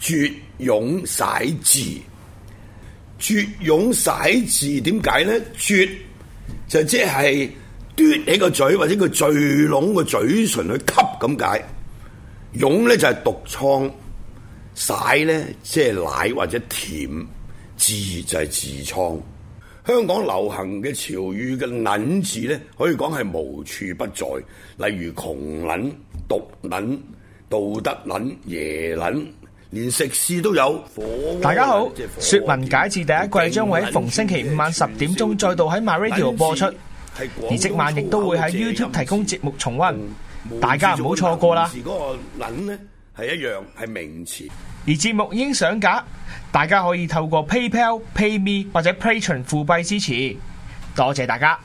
絕涌使字，絕涌使字點解呢？絕就即係嘟起個嘴或者個聚攏個嘴唇去吸咁解。涌呢就係毒瘡，使呢即係奶或者甜，字就係痔瘡。香港流行嘅潮語嘅捻字咧，可以講係無處不在，例如窮捻、毒捻、道德捻、耶捻。連食肆都有。火龍大家好，《說文解字》第一季將會逢星期五晚十點鐘再度喺 MyRadio 播出，而即晚亦都會喺 YouTube 提供節目重溫，無大家唔好錯過啦。一樣而節目已經上架，大家可以透過 PayPal、PayMe 或者 Patreon 付費支持，多謝大家。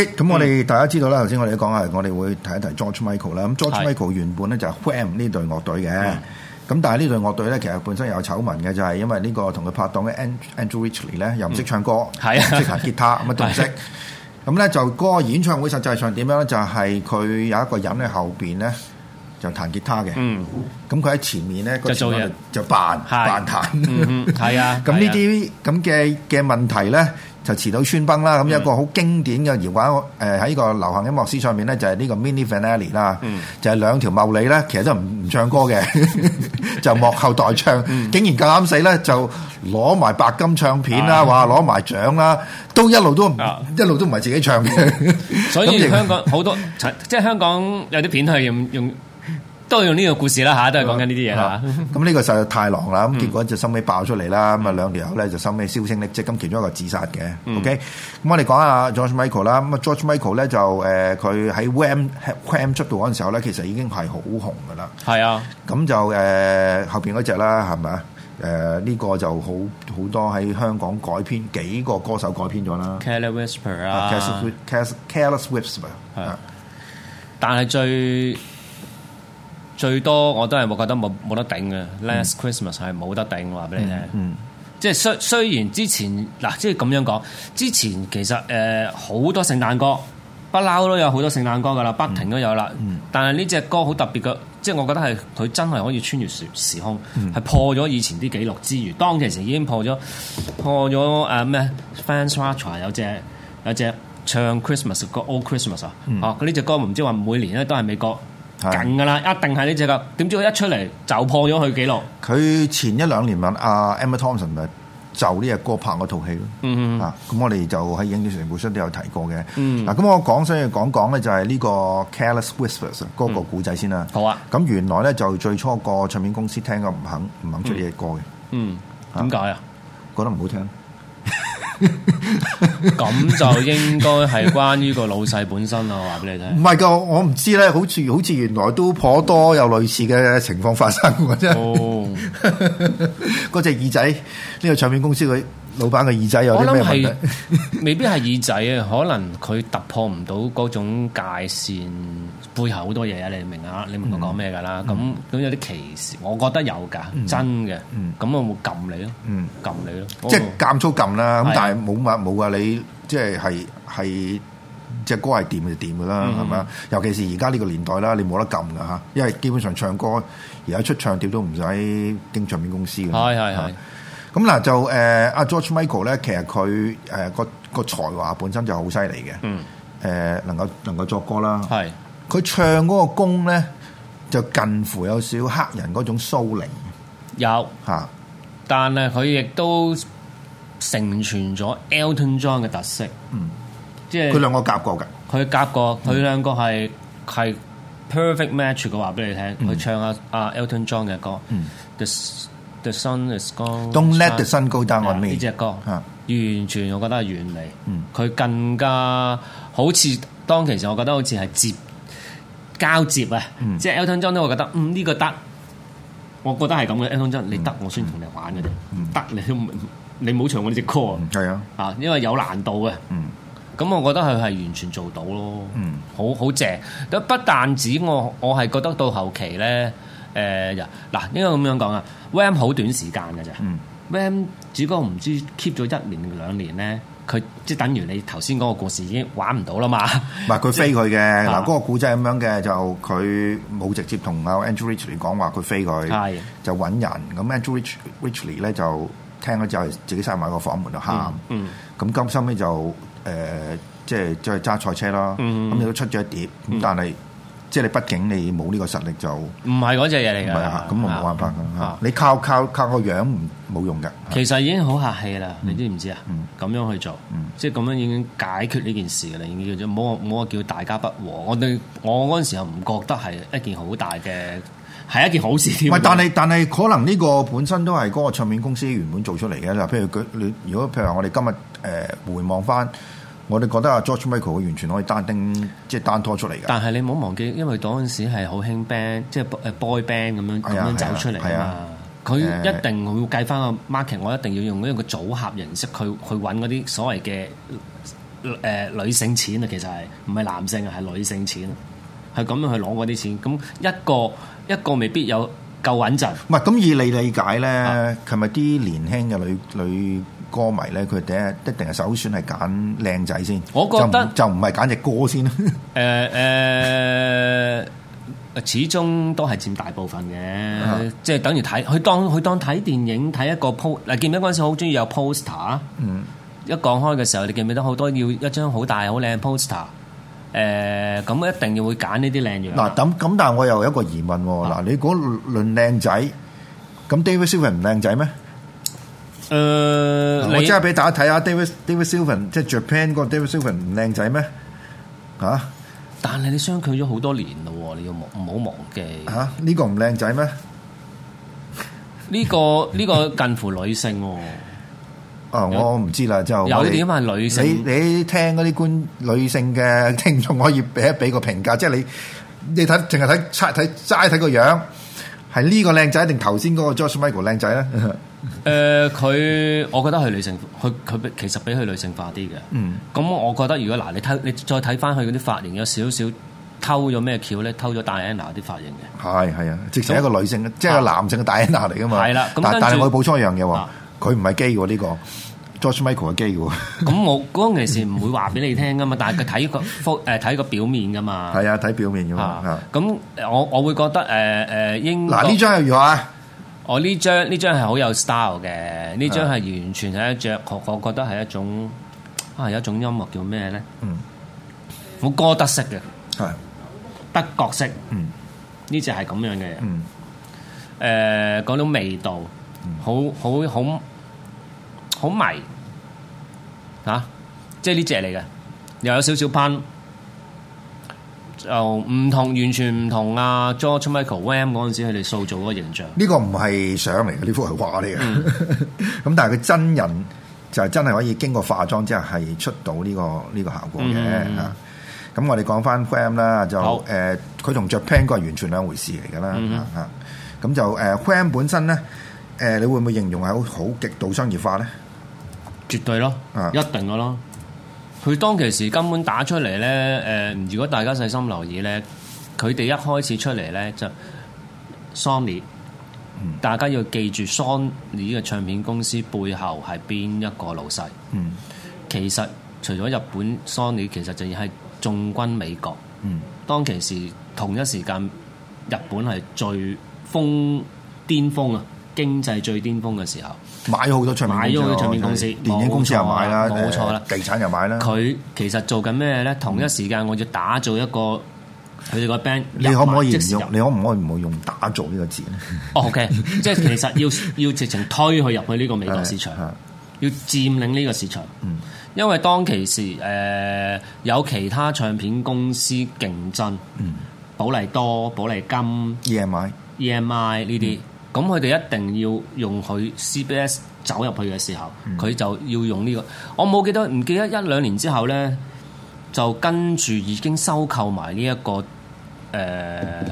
咁我哋大家知道啦，頭先我哋講係我哋會提一提 George Michael 啦。咁 George Michael 原本咧就係 Wham 呢隊樂隊嘅。咁但係呢隊樂隊咧，其實本身有醜聞嘅，就係因為呢個同佢拍檔嘅 Andrew Ridgeley 咧又唔識唱歌，係識彈吉他，乜都唔識。咁咧就嗰個演唱會實際上點樣咧？就係佢有一個人喺後邊咧就彈吉他嘅。咁佢喺前面咧就做就扮扮彈。係啊，咁呢啲咁嘅嘅問題咧。就遲到穿崩啦！咁一個好經典嘅搖滾誒喺、呃、個流行音樂史上面咧，就係、是、呢個 min finale,、嗯《Milli Vanilli》啦，就係兩條茂利咧，其實都唔唔唱歌嘅， 就幕後代唱，嗯、竟然咁啱死咧就攞埋白金唱片啦，話攞埋獎啦，都一路都、啊、一路都唔係自己唱嘅， 所以香港好多即係香港有啲片係用用，用都用呢個故事啦，吓，都係講緊呢啲嘢吓。咁呢個實在太狼啦，咁結果就收尾爆出嚟啦。咁啊兩條友咧就收尾銷聲匿跡，咁其中一個自殺嘅。OK，咁我哋講下 George Michael 啦。咁啊 George Michael 咧就誒，佢喺 Wham Wham 出道嗰陣時候咧，其實已經係好紅噶啦。係啊，咁就誒後邊嗰隻啦，係咪啊？誒呢個就好好多喺香港改編，幾個歌手改編咗啦。Careless Whisper 啊 Careless Whisper 啊，但係最。最多我都係覺得冇冇得頂嘅，Last Christmas 係冇得頂，話俾你聽，嗯。嗯，即係雖雖然之前嗱，即係咁樣講，之前其實誒好、呃、多聖誕歌，不嬲都有好多聖誕歌噶啦，不停都有啦。但係呢隻歌好特別嘅，即係我覺得係佢真係可以穿越時空，係、嗯、破咗以前啲記錄之餘，當其時已經破咗破咗誒咩 Franz Walter 有隻有隻唱 Christmas 個 Old Christmas 啊，哦、嗯，佢呢隻歌唔知話每年咧都係美國，緊噶啦，一定係呢隻噶。點知佢一出嚟就破咗佢紀錄。佢前一兩年問阿 Emma Thompson 咪就呢隻歌拍我套戲咯。嗯嗯。啊，咁我哋就喺影展情報室都有提過嘅。嗯。嗱、嗯，咁、嗯、我講想要講講咧，就係呢個 Careless Whisper 嗰個古仔先啦、嗯。好啊。咁原來咧就最初個唱片公司聽咁唔肯唔肯出呢隻歌嘅、嗯。嗯。點解啊？覺得唔好聽。 咁 就應該係關於個老細本身啊。我話俾你聽。唔係噶，我唔知咧，好似好似原來都頗多有類似嘅情況發生嘅，真係哦，嗰隻 耳仔，呢、呢個唱片公司嘅老闆嘅耳仔有啲咩問題？ 未必係耳仔啊，可能佢突破唔到嗰種界線。背後好多嘢啊！你明啊？你明我講咩噶啦？咁咁、mm hmm. 嗯、有啲歧視，我覺得有㗎，真嘅。咁、mm hmm. 我會撳你咯，撳你咯的。即係監粗撳啦。咁但係冇乜冇啊！你即係係係隻歌係掂就掂㗎啦，係咪啊？尤其是而家呢個年代啦，你冇得撳㗎嚇，因為基本上唱歌而家出唱碟都唔使經唱片公司嘅。係係係。咁嗱的的就誒阿、呃啊、George Michael 咧，其實佢誒個個才華本身，本身就好犀利嘅。嗯、mm hmm。能夠能夠作歌啦。係的。的佢唱嗰個功咧，就近乎有少黑人嗰種騷靈。有吓，但係佢亦都成全咗 Elton John 嘅特色。嗯，即係佢兩個夾過嘅。佢夾過，佢兩個係係 perfect match。嘅話俾你聽，佢唱阿阿 Elton John 嘅歌。嗯，the the sun is gone, don't let the sun go down on me。呢隻歌吓，完全我覺得係原理。嗯，佢更加好似當其時，我覺得好似係接。交接啊，嗯、即係 Elton John 咧、嗯這個，我覺得嗯呢個得，我覺得係咁嘅 Elton John，你得我先同你玩嘅啫，得、嗯、你都你冇唱我呢隻歌，係啊，啊因為有難度嘅，咁、嗯嗯、我覺得佢係完全做到咯，好好正。不不但止我，我係覺得到後期咧，誒，嗱，應該咁樣講啊，Wham 好短時間嘅咋，Wham 只不過唔知 keep 咗一年兩年咧。佢即係等於你頭先講個故事已經玩唔到啦嘛，唔係佢飛佢嘅嗱嗰個古仔係咁樣嘅就佢冇直接同啊 Andrew Ridgeley 講話佢飛佢係，就揾人咁 Andrew Ridgeley 咧就聽咗之後自己閂埋個房門度喊，咁、嗯嗯、今收尾就誒即係即係揸賽車啦，咁亦都出咗一碟咁，但係。嗯即係你，畢竟你冇呢個實力就唔係嗰隻嘢嚟㗎。咁我冇辦法㗎。啊啊、你靠靠靠個樣冇用㗎。啊、其實已經好客氣啦，嗯、你知唔知啊？咁樣、嗯、去做，嗯、即係咁樣已經解決呢件事㗎啦。已經叫做冇冇話叫大家不和。我對我嗰陣時候唔覺得係一件好大嘅，係一件好事添。但係但係可能呢個本身都係嗰個唱片公司原本做出嚟嘅。譬如佢，如果譬如話我哋今日誒回望返。我哋覺得阿 George Michael 完全可以單丁即係單拖出嚟嘅。但係你唔好忘記，因為嗰陣時係好興 band，即係 boy band 咁樣咁樣、哎、呀走出嚟啊嘛。佢、哎、呀一定會計翻個 market，我一定要用一個組合形式去去揾嗰啲所謂嘅誒女性錢啊。其實係唔係男性啊，係女性錢，係咁樣去攞嗰啲錢。咁一個一個未必有。夠穩陣。唔係咁以你理解咧，琴日啲年輕嘅女女歌迷咧，佢哋一定係首先，首先選係揀靚仔先？我覺得就唔係揀隻歌先啦。誒誒、呃呃，始終都係佔大部分嘅，啊、即係等於睇佢當佢當睇電影睇一個 po 嗱，記唔記得嗰陣時好中意有 poster？嗯，一講開嘅時候，你記唔記得好多要一張好大好靚 poster？誒咁一定要會揀呢啲靚嘢。嗱，咁咁但係我又有一個疑問喎。嗱，你講論靚仔，咁 David Silver 唔靚仔咩？誒，我即刻俾大家睇下 David David Silver，即係 Japan 嗰個 David Silver 唔靚仔咩？嚇？但係你相處咗好多年咯喎，你要冇唔好忘記。嚇？呢個唔靚仔咩？呢個呢個近乎女性喎。啊、嗯！我唔知啦，之女性，你，你聽嗰啲官女性嘅聽眾可以俾一俾個評價，即係你你睇淨係睇睇齋睇個樣，係呢個靚仔定頭先嗰個 George Michael 靚仔咧？誒、呃，佢我覺得係女性，佢佢其實比佢女性化啲嘅。咁、嗯、我覺得如果嗱，你偷你再睇翻佢嗰啲髮型有少少偷咗咩橋咧？偷咗戴安娜啲髮型嘅，係係啊，直情一個女性，啊、即係個男性嘅戴安娜嚟噶嘛。係啦，但、嗯、但係我會補充一樣嘢喎。啊佢唔係機喎，呢個 George Michael 嘅機喎。咁我嗰陣時唔會話俾你聽噶嘛，但係佢睇個誒睇個表面噶嘛。係啊，睇表面啫嘛。咁我我會覺得誒誒英嗱呢張又如何啊？我呢張呢張係好有 style 嘅，呢張係完全係一隻我我覺得係一種啊有一種音樂叫咩咧？好歌德式嘅，係德國式。呢隻係咁樣嘅。嗯，誒嗰種味道，好好好。好迷啊！即係呢隻嚟嘅，又有少少 pen，就唔同，完全唔同啊。George Michael Wham! 嗰陣時佢哋塑造嗰個形象。呢個唔係相嚟嘅，呢幅係畫嚟嘅。咁、嗯、 但係佢真人就係、是、真係可以經過化妝之後係出到呢、這個呢、這個效果嘅咁、嗯嗯啊、我哋講翻 Wham 啦，就誒好，佢同着 pen 嗰係完全兩回事嚟噶啦吓。咁、嗯哼啊、就誒，Wham、啊、本身咧，誒、呃，你會唔會形容係好好極度商業化咧？絕對咯，一定嘅咯。佢當其時根本打出嚟呢。誒、呃，如果大家細心留意呢，佢哋一開始出嚟呢，就是、Sony、嗯。大家要記住 Sony 嘅唱片公司背後係邊一個老細？嗯、其實除咗日本 Sony，其實淨係眾軍美國。嗯，當其時同一時間，日本係最峰巔峰啊！經濟最巔峰嘅時候，買咗好多唱片，買咗好多唱片公司、電影公司又買啦，冇錯啦，地產又買啦。佢其實做緊咩咧？同一時間，我要打造一個佢哋個 band。你可唔可以直用？你可唔可以唔好用打造呢個字咧？哦，OK，即係其實要要直情推佢入去呢個美國市場，要佔領呢個市場。因為當其時誒有其他唱片公司競爭，寶麗多、寶麗金、EMI、EMI 呢啲。咁佢哋一定要用佢 CBS 走入去嘅時候，佢、嗯、就要用呢、這個。我冇記得，唔記得一兩年之後咧，就跟住已經收購埋呢一個誒、呃、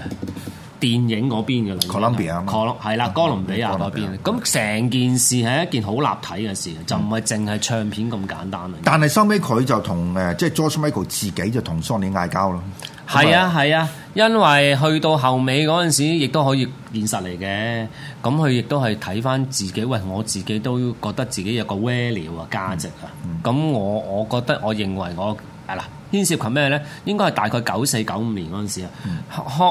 電影嗰邊嘅。Columbia，係啦，哥倫比亞嗰邊。咁成件事係一件好立體嘅事，嗯、就唔係淨係唱片咁簡單啊。嗯、但係收尾佢就同誒，即係 George Michael 自己就同 Sony 嗌交咯。係啊係啊，因為去到後尾嗰陣時，亦都可以現實嚟嘅。咁佢亦都係睇返自己。喂，我自己都覺得自己有個 value 啊，價值啊。咁我我覺得，我認為我啊嗱，牽涉群咩呢？應該係大概九四九五年嗰陣時啊、嗯，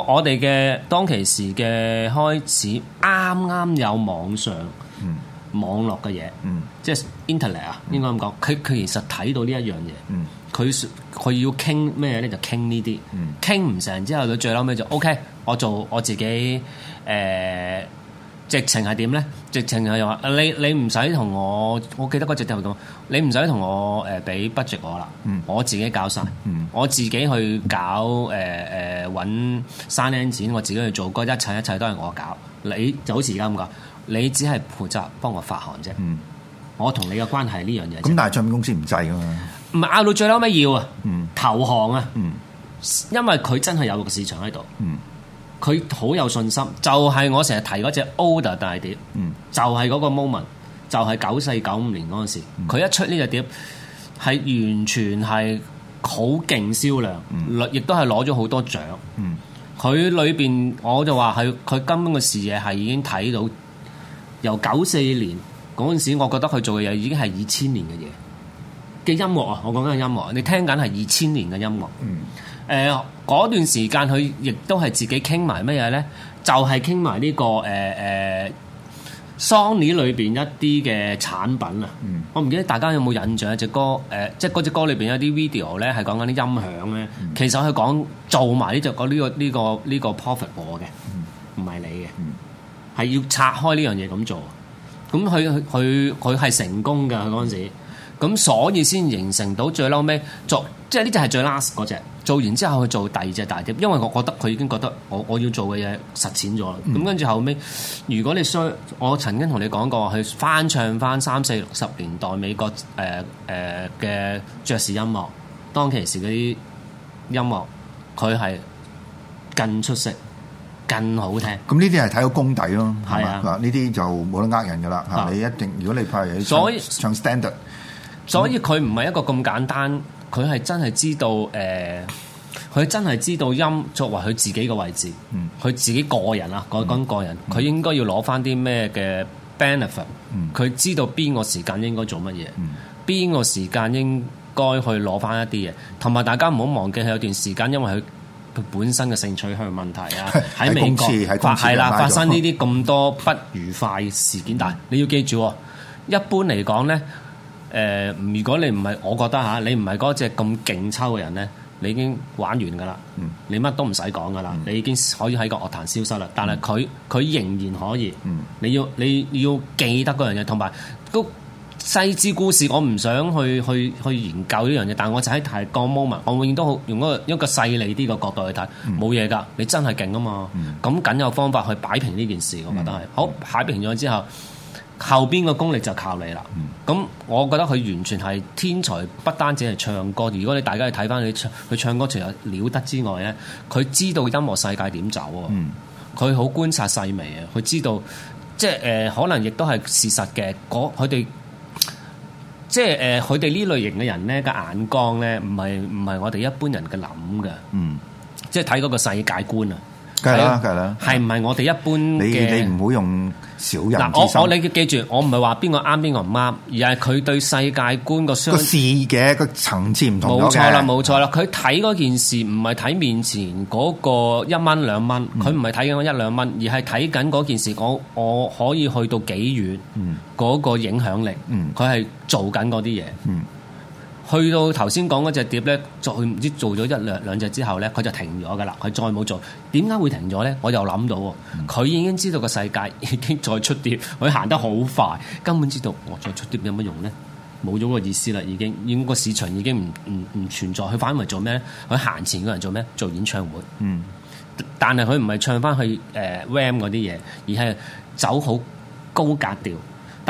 我哋嘅當其時嘅開始，啱啱有網上網絡嘅嘢，嗯嗯、即係 Internet 啊，應該咁講。佢佢、嗯、其實睇到呢一樣嘢。嗯佢佢要傾咩咧？就傾呢啲，傾唔成之後，佢最嬲尾就 OK，我做我自己。誒、呃，直情係點咧？直情係話：你你唔使同我，我記得嗰隻就係咁。你唔使同我誒俾 budget 我啦，我自己搞晒。嗯嗯、我自己去搞誒誒揾三億錢，我自己去做。嗰一切一切都係我搞。你就好似而家咁講，你只係負責幫我發行啫。嗯、我同你嘅關係呢樣嘢咁，但係唱片公司唔制噶嘛。唔係到最嬲，咩要啊？嗯、投降啊！嗯、因為佢真係有個市場喺度，佢好、嗯、有信心。就係、是、我成日提嗰隻 order 大碟，嗯、就係嗰個 moment，就係九四九五年嗰陣時，佢、嗯、一出呢隻碟係完全係好勁銷量，嗯、亦都係攞咗好多獎。佢、嗯、裏邊我就話係佢根本個視野係已經睇到由九四年嗰陣時，我覺得佢做嘅嘢已經係二千年嘅嘢。音樂啊，我講緊音樂。你聽緊係二千年嘅音樂。嗯。誒、呃，嗰段時間佢亦都係自己傾埋乜嘢咧？就係傾埋呢個誒誒、呃呃、Sony 裏邊一啲嘅產品啊。嗯、我唔記得大家有冇印象一隻歌？誒、呃，即係嗰隻歌裏邊有啲 video 咧，係講緊啲音響咧。嗯、其實佢講做埋呢就講呢個呢、呢個呢、呢個 profit 我嘅、嗯，唔係你嘅，係、嗯、要拆開呢樣嘢咁做。咁佢佢佢係成功㗎。佢嗰陣時。咁所以先形成到最嬲尾做，即係呢隻係最 last 嗰隻，做完之後去做第二隻大碟，因為我覺得佢已經覺得我我要做嘅嘢實踐咗啦。咁跟住後尾，如果你需，我曾經同你講過，佢翻唱翻三四六十年代美國誒誒嘅爵士音樂，當其時嗰啲音樂，佢係更出色、更好聽。咁呢啲係睇到功底咯，係嘛是、啊？呢啲就冇得呃人噶啦，你一定？如果你係唱，以唱 standard。所以佢唔係一個咁簡單，佢係真係知道，誒、呃，佢真係知道音作為佢自己嘅位置，佢、嗯、自己個人啊，講緊個人，佢、嗯、應該要攞翻啲咩嘅 benefit，佢知道邊個時間應該做乜嘢，邊、嗯、個時間應該去攞翻一啲嘢，同埋大家唔好忘記，記，有段時間因為佢佢本身嘅性取向問題啊，喺美、嗯、國發係啦，發生呢啲咁多不愉快事件，嗯、但係你要記住，一般嚟講咧。誒、呃，如果你唔係，我覺得嚇、啊、你唔係嗰隻咁勁抽嘅人咧，你已經玩完㗎啦，嗯、你乜都唔使講㗎啦，嗯、你已經可以喺個樂壇消失啦。但係佢佢仍然可以，嗯、你要你要記得嗰樣嘢，同埋個細枝故事，我唔想去去去研究呢樣嘢。但係我就喺睇個 moment，我永遠都好用一個一個細膩啲嘅角度去睇，冇嘢㗎，你真係勁啊嘛！咁梗、嗯嗯、有方法去擺平呢件事，我覺得係好擺平咗之後。後邊嘅功力就靠你啦。咁、嗯，我覺得佢完全係天才，不單止係唱歌。如果你大家去睇翻佢唱，佢唱歌除咗了得之外咧，佢知道音樂世界點走啊。佢好、嗯、觀察細微啊。佢知道，即係誒、呃，可能亦都係事實嘅。佢哋，即係誒，佢哋呢類型嘅人咧嘅眼光咧，唔係唔係我哋一般人嘅諗㗎。嗯，即係睇嗰個世界觀啊。梗係啦，梗係啦。係唔係我哋一般嘅？你你唔好用少人之心嗱，我你記住，我唔係話邊個啱邊個唔啱，而係佢對世界觀個相似嘅個層次唔同咗。冇錯啦，冇錯啦。佢睇嗰件事，唔係睇面前嗰個一蚊兩蚊，佢唔係睇緊一兩蚊，而係睇緊嗰件事，我我可以去到幾遠，嗰、嗯、個影響力，佢係、嗯、做緊嗰啲嘢。嗯去到頭先講嗰隻碟咧，再唔知做咗一兩兩隻之後咧，佢就停咗噶啦，佢再冇做。點解會停咗咧？我又諗到喎，佢已經知道個世界已經再出碟，佢行得好快，根本知道我再出碟有乜用咧？冇咗個意思啦，已經，已經個市場已經唔唔唔存在。佢反而為做咩咧？佢行前嗰人做咩？做演唱會。嗯。但係佢唔係唱翻去誒 Wham 嗰啲嘢，而係走好高格調。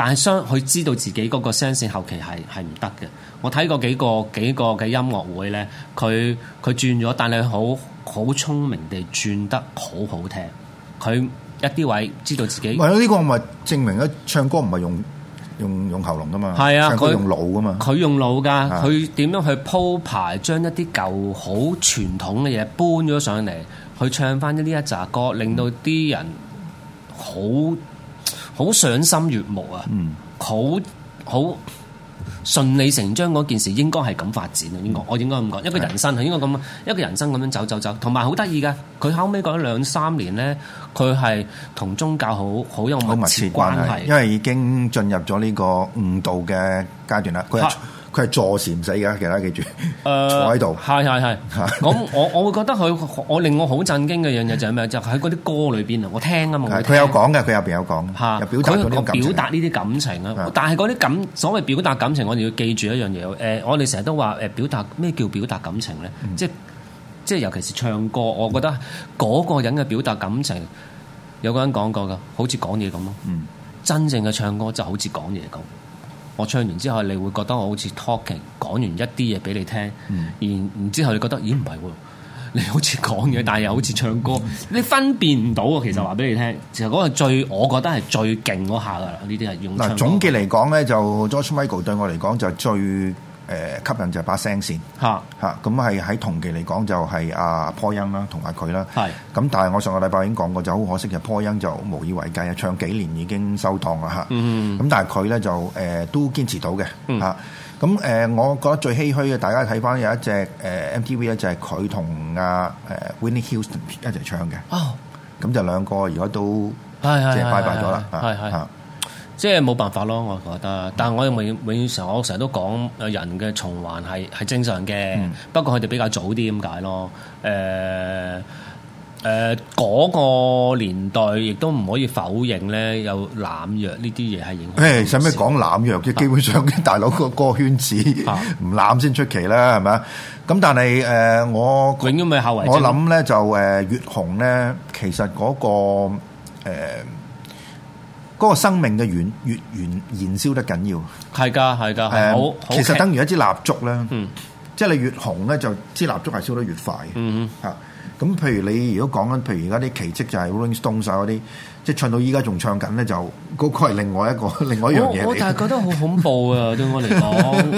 但係商，佢知道自己嗰個聲線後期係係唔得嘅，我睇過幾個幾個嘅音樂會呢，佢佢轉咗，但係好好聰明地轉得好好聽，佢一啲位知道自己。呢個咪係證明咧，唱歌唔係用用用喉嚨噶嘛，係啊，佢用腦噶嘛，佢用腦噶，佢點樣去鋪排將一啲舊好傳統嘅嘢搬咗上嚟，去唱返呢一扎歌，令到啲人好。好賞心悅目啊！好好順理成章嗰件事應該係咁發展啊。應該我應該咁講，一個人生係應該咁啊，一個人生咁樣走走走，同埋好得意嘅，佢後尾講咗兩三年呢，佢係同宗教好好有密切關係，切關係，因為已經進入咗呢個悟道嘅階段啦。佢係坐時唔死㗎，其他記住。呃、坐喺度，係係係。咁 我我會覺得佢，我令我好震驚嘅一樣嘢就係咩？就喺嗰啲歌裏邊啊！我聽啊嘛。佢有講嘅，佢入邊有講。嚇是，佢表達呢啲感情啊！有情是但係嗰啲感，所謂表達感情，我哋要記住一樣嘢。誒、呃，我哋成日都話誒，表達咩叫表達感情咧？嗯、即即尤其是唱歌，我覺得嗰個人嘅表達感情，有個人講過噶，好似講嘢咁咯。嗯，真正嘅唱歌就好似講嘢咁。我唱完之後，你會覺得我好似 talking 講完一啲嘢俾你聽，然然、嗯、之後你覺得咦，唔係喎，你好似講嘢，但係又好似唱歌，嗯、你分辨唔到啊！其實話俾你聽，嗯、其實嗰個最我覺得係最勁嗰下噶，呢啲係用。嗱，總結嚟講咧，就 George Michael 對我嚟講就最。誒吸引就係把聲線嚇嚇，咁係喺同期嚟講就係阿坡恩啦，同埋佢啦。係咁，但係我上個禮拜已經講過，就好可惜嘅，坡恩就無以為繼，唱幾年已經收檔啦嚇。咁但係佢咧就誒都堅持到嘅嚇。咁誒，我覺得最唏噓嘅，大家睇翻有一隻誒 MTV 咧，就係佢同阿誒 Whitney Houston 一齊唱嘅。哦，咁就兩個而家都即係拜拜咗啦。係係。即係冇辦法咯，我覺得。但係我又永永遠常，我成日都講，誒人嘅循環係係正常嘅。不過佢哋比較早啲咁解咯。誒誒嗰個年代亦都唔可以否認咧，有濫藥呢啲嘢係影響。誒使咩講濫藥嘅？基本上大佬個個圈子唔濫先出奇啦，係咪啊？咁但係誒、呃，我，我永遠咪後遺症。我諗咧就誒越、呃、紅咧，其實嗰、那個、呃嗰個生命嘅燃越燃燃燒得緊要，係㗎係㗎，嗯、其實等於一支蠟燭啦。嗯，即係你越紅咧，就支蠟燭係燒得越快。嗯哼，嚇咁，譬如你如果講緊，譬如而家啲奇蹟就係 Rolling Stones 嗰啲。即係唱到依家仲唱緊咧，就、那、嗰個係另外一個，另外一樣嘢 我但係覺得好恐怖啊！對我嚟講，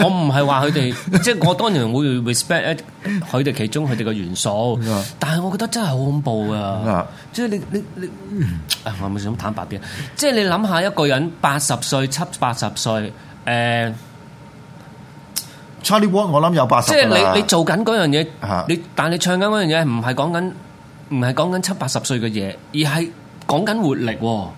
我唔係話佢哋， 即係我當然會 respect 佢哋其中佢哋嘅元素，Yeah. 但係我覺得真係好恐怖啊！Yeah. 即係你你你，你，我係咪想坦白啲，即係你諗下一個人八十歲七八十歲，誒，Charlie Wood 我諗有八十。即係你你做緊嗰樣嘢，你但係你唱緊嗰樣嘢，唔係講緊唔係講緊七八十歲嘅嘢，而係。講緊活力喎、哦，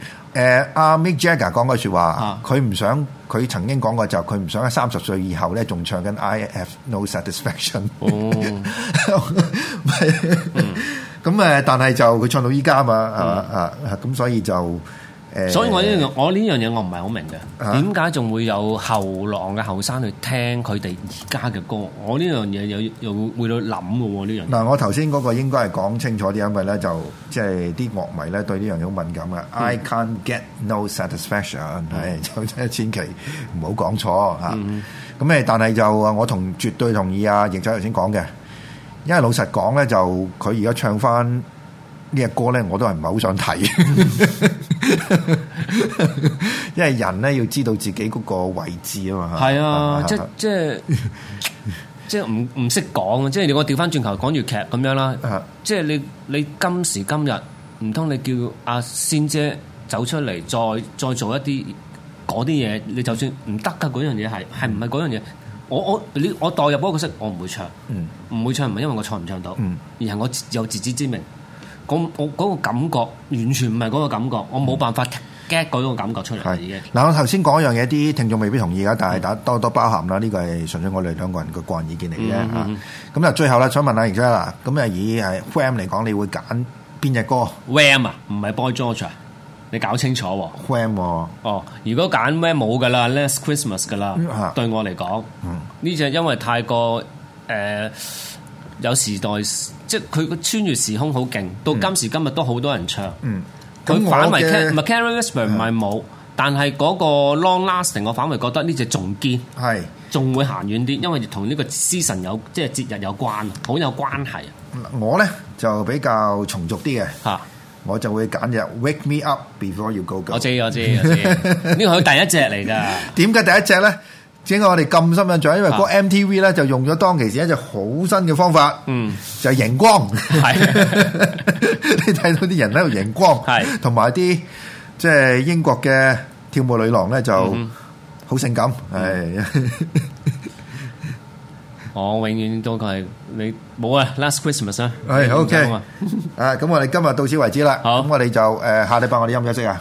阿、uh, Mick Jagger 講句說話，佢唔、啊、想佢曾經講過就佢唔想喺三十歲以後咧仲唱緊 I Have No Satisfaction 哦，咁誒， 但係就佢唱到依家啊嘛，啊、嗯、啊，咁、啊、所以就。所以我呢樣我呢樣嘢我唔係好明嘅，點解仲會有後浪嘅後生去聽佢哋而家嘅歌？我呢樣嘢又有會到諗嘅喎，啲人。嗱，我頭先嗰個應該係講清楚啲，因為咧就即係啲樂迷咧對呢樣嘢好敏感嘅。嗯、I can't get no satisfaction，係、嗯、就即係千祈唔好講錯嚇。咁誒、嗯啊，但係就我同絕對同意阿、啊、翼仔頭先講嘅，因為老實講咧就佢而家唱翻。呢啲歌咧，我都係唔係好想睇， 因為人咧要知道自己嗰個位置啊嘛。係啊，即即即唔唔識講啊，即係、即係即係即係即係、我調翻轉頭講粵劇咁樣啦。即、就、係、係、你你今時今日，唔通你叫阿仙姐走出嚟，再再做一啲嗰啲嘢？你就算唔得噶，嗰樣嘢係係唔係嗰樣嘢？我我你我代入嗰個角色，我唔會唱，唔、嗯、會唱唔係因為我唱唔唱到，嗯、而係我有自知之明。我我嗰個感覺完全唔係嗰個感覺，嗯、我冇辦法 get 嗰種感覺出嚟、嗯。係嘅。嗱，我頭先講一樣嘢，啲聽眾未必同意噶，但係大家多多、嗯、包含啦。呢個係純粹我哋兩個人嘅個人意見嚟嘅吓。咁、嗯嗯、啊，最後咧，想問下翼仔啦。咁啊，以係 Wham 嚟講，你會揀邊隻歌？Wham 啊，唔係 Boy George。你搞清楚、啊。Wham、啊。哦，如果揀 Wham 冇噶啦，Last Christmas 噶啦。嗯、對我嚟講，呢隻、嗯、因為太過誒、呃、有時代。即係佢穿越時空好勁，到今時今日都好多人唱。嗯，佢反為唔係 Carrie Underwood 唔係冇，但係嗰個 Long Lasting 我反為覺得呢隻仲堅，係仲會行遠啲，因為同呢個 season 有即係節日有關，好有關係。我咧就比較重續啲嘅，吓我就會揀日 Wake Me Up Before You Go Go。我知我知我知，呢個係第一隻嚟噶，點解第一隻咧？正因為我哋咁深印象，就因為嗰 MTV 咧就用咗當其時一隻好新嘅方法，就係熒光。係你睇到啲人喺度熒光，係同埋啲即係英國嘅跳舞女郎咧就好性感。係我永遠都係你冇啊，Last Christmas 啊，係 OK 啊，咁我哋今日到此為止啦。好，我哋就誒下禮拜我哋休唔休息啊。